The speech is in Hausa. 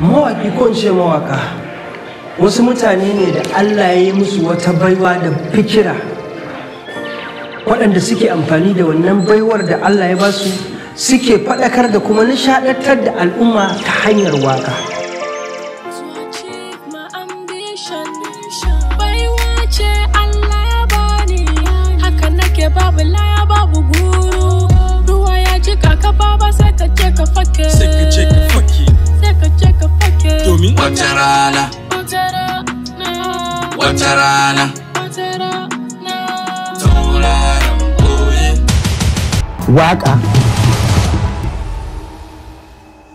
mawaki ko ce mawaka wasu mutane ne da allah ya yi musu wata baiwa da fikira waɗanda suke amfani da wannan baiwar da allah ya ba su suke faɗakar da kuma nishaɗantar da al'umma ta hanyar waka. ni wata rana wata waka